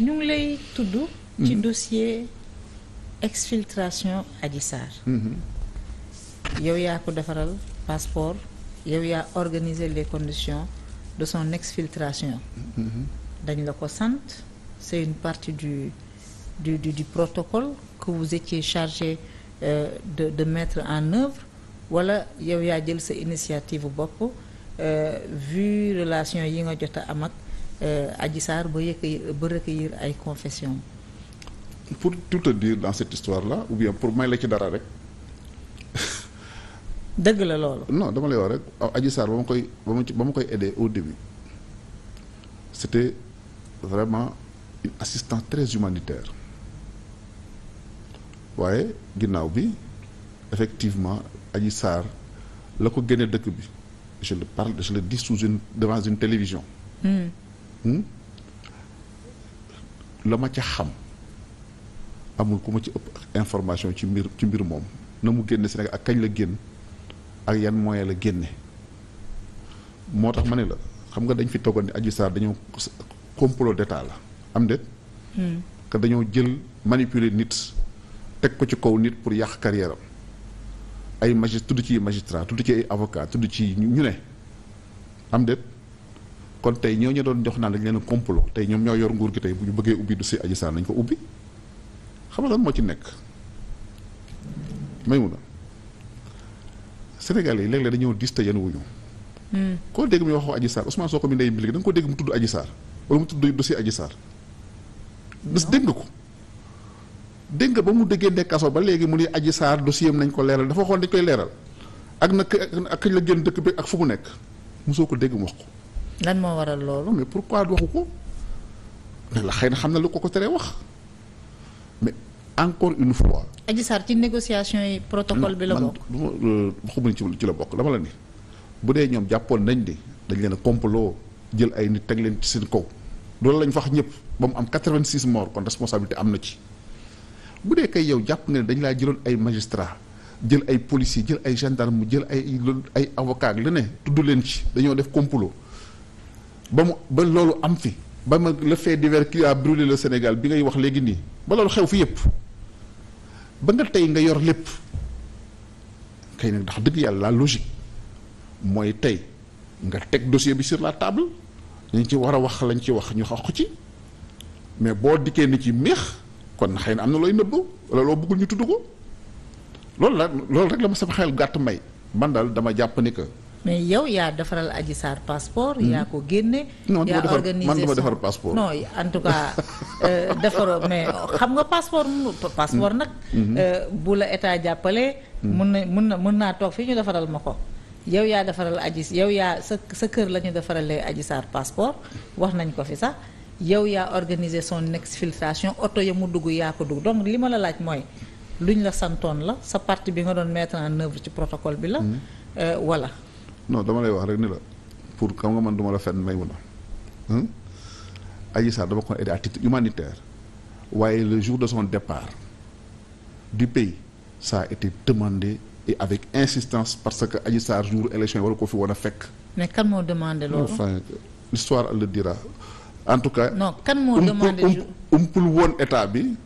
ñu ngi lay tudd. ci mm-hmm. dossier exfiltration Adji Sarr. Mm-hmm. yow yaa ko defaral passeport yow yaa organiser les conditions de son exfiltration. Mm-hmm. dañ la ko sant c'est une partie du du du du protocole que vous étiez chargé euh, de de mettre en œuvre wala yow yaa jël sa initiative bopp euh, vu relation yi nga jot a am ak Euh, Adji Sarr ba yëkk ba recueillir ay confessions pour tout te dire dans cette histoire là ou bien pour may la ci dara rek dëgg la loolu non dama lay wax rek Adji Sarr ba ma koy ba ma ba koy aidé au début c'était vraiment une assistance très humanitaire waaye ginnaaw bi effectivement Adji Sarr la ko génne dëkk bi je le parle je le dis sous une devant une télévision hmm. Hmm? la ma ca xam amul ku ma ci ëpp information ci mbir ci mbir moom na mu génne Sénégal ak kañ la génn ak yan moyen la génne moo tax ma ne la xam nga dañ fi toggoon ne Adji Sarr dañoo complot d'état la am déet hmm. que dañoo jël manipuler nit teg ko ci kaw nit pour yàq carrière ay magis tudd ci magistrat tudd ci avocat tudd ci ñu ne am déet kon tey ñoo ñu doon jox naa dañ leen complot tey ñoom ñoo yor nguur gi tey bu ñu bëggee ubbi du si Adji Sarr nañ ko ubbi xam nga lan moo ci nekk may mu na yi léeg-léeg dañoo dis te yan wuñu hmm. koo dégg muy wax Adji Sarr Ousmane Sonko mi ndey bi léegi da ko dégg mu tudd Adji Sarr wala mu tudd dossier Adji Sarr des dégg nga ko dégg nga ba mu déggee ndekkaso ba léegi mu ni Adji Sarr dossier nañ ko leeral dafa xool dañ koy leeral ak nag ak kañ la génn dëkk bi ak fu mu nekk musoo ko dégg mu wax ko lan moo waral loolu. mais pourquoi waxu ko ne la xëy na xam na lu ko ko teree wax mais encore une fois. Adji Sarr ci négociation yi protocole bi la bokk. man euh, waxuma ci ci la bokk dama la ni bu dee ñoom jàppoon nañ ni dañ leen a complot jël ay nit teg leen ci seen kaw loolu lañu wax ñëpp ba mu am 86 morts kon responsabilité am na ci bu dee kay yow jàpp nga ne dañ laa jëloon ay magistrat jël ay policiers jël ay gendarme jël ay ay avocat leneen tudd leen ci dañoo def complot. ba mu ba loolu am fi ba ma le fait divers qui a brûlé le Sénégal bi ngay wax léegi nii ba loolu xew fi yëpp ba nga tey nga yor lépp kay nag ndax dëgg yàlla la logique mooy tey nga teg dossier bi sur la table lañ ci war a wax lañ ci wax ñu xax ci mais boo dikkee ni ci méex kon xëy na am na looy nëbb wala loo bëggul ñu tuddu ko loolu la loolu rek la ma sama xel gàtt may man daal dama jàpp ni que. mais yow yaa defaral Adji Sarr passeport. Hmm? yaa ko génne. yaa organisé man duma defar passeport. non en tout cas euh, defaroo mais xam nga passeport passeport hmm. nag. Hmm. Euh, bu la état jàppale. mun na mun na mën naa toog fi ñu defaral ma ko. yow yaa defaral Adji yow yaa sa sa kër la ñu defaralee Adji Sarr passeport wax nañ ko fi sax yow yaa organisé son exfiltration oto ya mu dugg yaa ko dugg donc li ma la laaj mooy luñ la santoon la sa parti bi nga doon mettre en œuvre ci protocole bi la. wala. Euh, non dama lay wax rek ni la pour xam nga man du ma la fenn may mun a Adji dama ko aidé à titre humanitaire waaye le jour de son départ du pays ça été demandé et avec insistance parce que Adji Sarr jour élection yi wala ko fi woon a fekk. mais kan demandé loolu. dira en tout cas. non kan umpul umpul woon état bi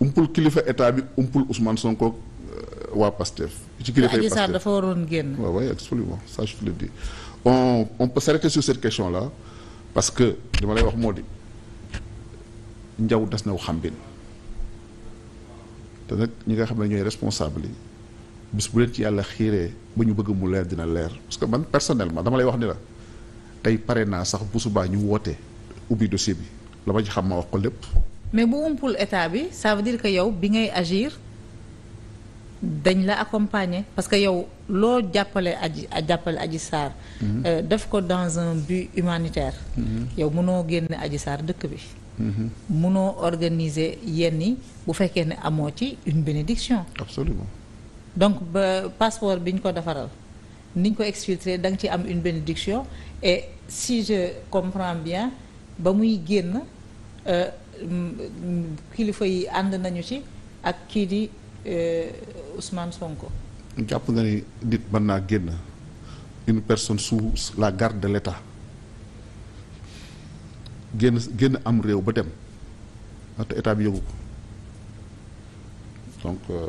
umpul kilifa état bi umpul Ousmane Sonko euh, waa Pastef. ci kilifa yi dafa waroon génn. waaw waaw absolument ça je te le dis on on peut s'arrêter sur cette question là parce que li lay wax moo di njaw des naw xambin te nag ñi nga xam ne ñooy responsable yi bis bu leen ci yàlla xiiree ba ñu bëgg mu leer dina leer parce que man personnellement dama lay wax ni la tey pare naa sax bu subaa ñu woote ubbi dossier bi la ma ci xam ma wax ko lépp. mais bu umpul état bi ça veut yow bi ngay agir. dañ la accompagner parce que yow loo jàppale aji jàppale aji saar mhm. euh, def ko dans un but humanitaire mhm. yow mënoo génne aji saar dëkk bi mënoo mhm. organiser yenn yi bu fekkee ne amoo ci une bénédiction absolument donc ba passeport bi ñu ko defaral niñ ko exfiltrer da nga ci am une bénédiction et si je comprends bien ba muy génn euh, kilifa yi ànd nañu ci ak kii di Euh, Ousmane Sonko. jàpp nga ni nit mën naa génn une personne sous la garde de l'État génn génn am réew ba dem te état bi yëgu ko donc. Euh,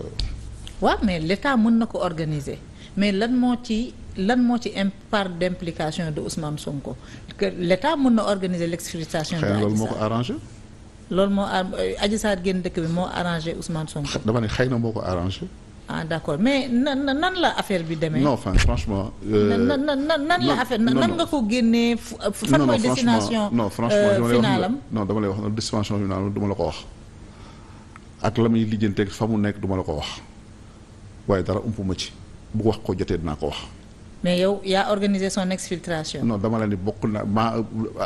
waaw mais l'État mën na ko organiser mais lan moo ci lan moo ci part d'implication de Ousmane Sonko que l'État mën na organiser l'exfiltration. de loolu loolu moo Adji Sarr génn dëkk bi moo arrangé Ousmane Sonko. dama ne xëy na moo ko arrangé. ah d' accord mais nan la affaire bi demee. non enfin franchement. Euh, nan nan nan la affaire nan nga ko génnee. Euh, fan mooy destination non franchement euh, finalam non dama wax noonu destination finalam duma la ko wax. ak la muy lijjanteeg fa mu nekk duma la ko wax waaye dara ump ma ci bu wax ko jotee dinaa ko wax. mais yow yaa organisé son exfiltration. non dama la ni bokk na maa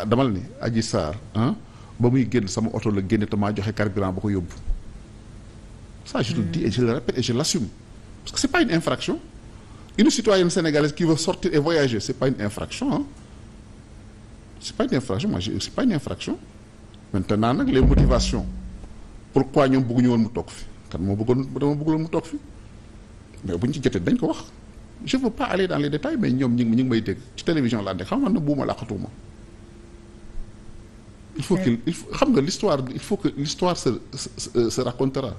dama la ni Adji ba muy génn sama oto la génne te maa joxe carburant ba ko yóbbu ça je le dis et je le répète et je l'assume parce que c'est pas une infraction une citoyenne sénégalaise qui veut sortir et voyager c'est pas une infraction hein c'est pas une infraction moi c'est pas infraction maintenant nag les pourquoi ñoom bëgguñu woon mu toog fi kan moo bëggoon dama bëggoon mu toog fi mais bu ñu jotee dañ ko wax je veux pas aller dans les détails mais ñoom ñu ngi ñu may dégg ci télévision la nekk xam na buuma laqatuma il faut qu'il il xam nga l'histoire il faut que l'histoire se se se racontera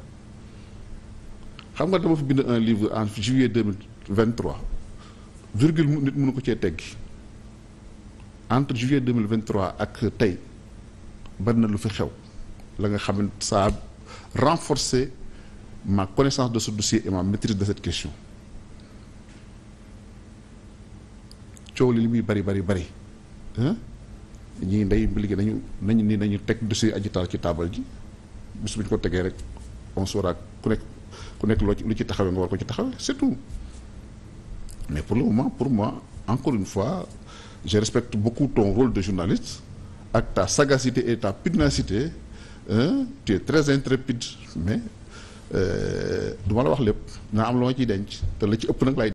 xam nga dama fi bind un livre en juillet deux mille vingt trois virgule nit mënu ko cee teggi entre juillet deux mille vingt trois ak tey bari na lu fi xew la nga xam ne ça a renforcé ma connaissance de ce dossier et ma de cette question coow li li muy bari bari bari. ñii ndey mbiligi nañu nañu ni nañu teg dossier Adji Sarr ci taabal ji bis bu ko tegee rek on saura ku nekk ku nekk loo ci lu ci taxawee nga war ko ci taxawee surtout mais pour le moment pour moi encore une fois je respecte beaucoup ton rôle de journaliste ak ta sagacité et ta pugnacité hein, tu es très intrépide mais euh, duma la wax lépp naa am loo ciy denc te la ci ëpp nag laay